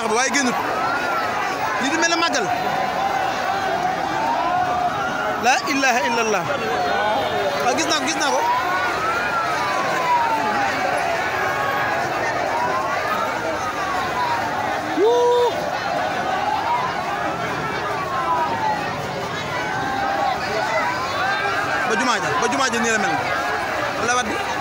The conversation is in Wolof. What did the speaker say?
xeex waaye génnut li di mel la ilaha illallah waaw ah, gis naa gis naa ko ba jumaa ja ba jumaa ja nii